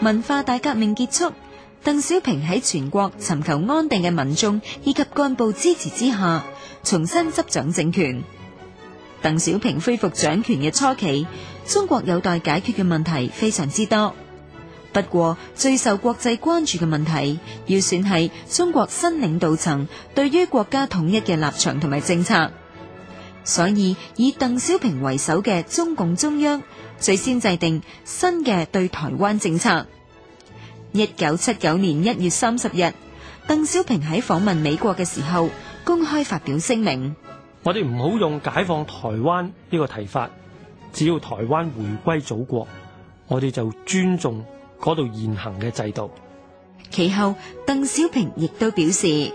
文化大革命結束，鄧小平喺全國尋求安定嘅民眾以及幹部支持之下，重新執掌政權。鄧小平恢復掌權嘅初期，中國有待解決嘅問題非常之多。不過最受國際關注嘅問題，要算係中國新領導層對於國家統一嘅立場同埋政策。所以以鄧小平為首嘅中共中央，最先制定新嘅對台灣政策。一九七九年一月三十日，鄧小平喺訪問美國嘅時候，公開發表聲明：我哋唔好用解放台灣呢個提法，只要台灣回歸祖國，我哋就尊重嗰度現行嘅制度。其後，鄧小平亦都表示，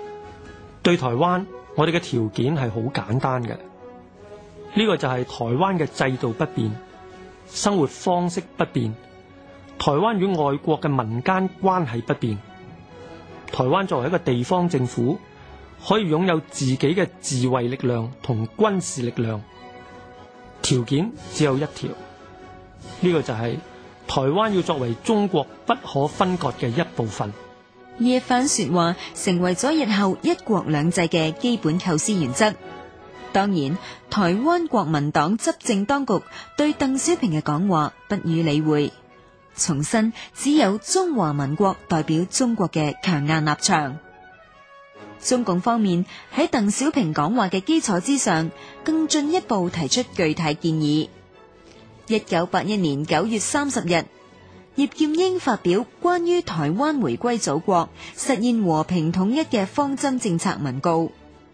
對台灣我哋嘅條件係好簡單嘅，呢、這個就係台灣嘅制度不變。生活方式不變，台灣與外國嘅民間關係不變。台灣作為一個地方政府，可以擁有自己嘅自衛力量同軍事力量。條件只有一條，呢、呢個就係台灣要作為中國不可分割嘅一部分。呢番說話成為咗日後一國兩制嘅基本構思原則。當然，台灣國民黨執政當局對鄧小平嘅講話不予理會，重申只有中華民國代表中國嘅強硬立場。中共方面喺鄧小平講話嘅基礎之上，更進一步提出具體建議。一九八一年九月三十日，葉劍英發表關於台灣回歸祖國、實現和平統一嘅方針政策文告。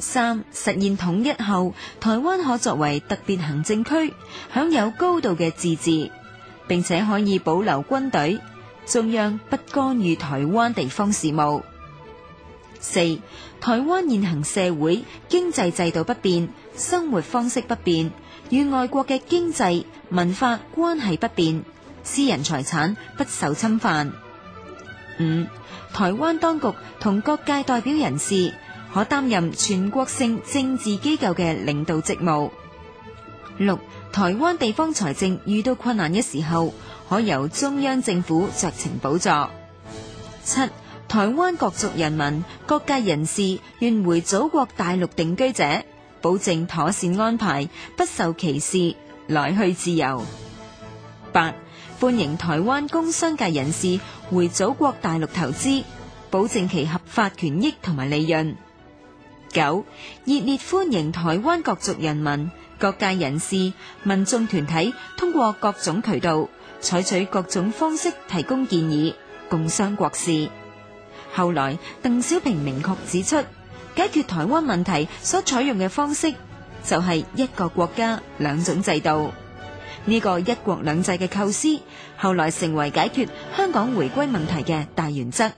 三、實現統一後，台灣可作為特別行政區，享有高度嘅自治，並且可以保留軍隊，中央不干預台灣地方事務。四、台灣現行社會經濟制度不變，生活方式不變，與外國嘅經濟文化關係不變，私人財產不受侵犯。五、台灣當局同各界代表人士。可擔任全國性政治機構嘅領導職務。六、台灣地方財政遇到困難嘅時候，可由中央政府酌情補助。七、台灣各族人民、各界人士願回祖國大陸定居者，保證妥善安排，不受歧視，來去自由。八、歡迎台灣工商界人士回祖國大陸投資，保證其合法權益同埋利潤。九、熱烈歡迎台灣各族人民、各界人士、民眾團體通過各種渠道，採取各種方式，提供建議，共商國事。後來，鄧小平明確指出，解決台灣問題所採用嘅方式，就係一個國家兩種制度。呢個一國兩制嘅構思，後來成為解決香港回歸問題嘅大原則。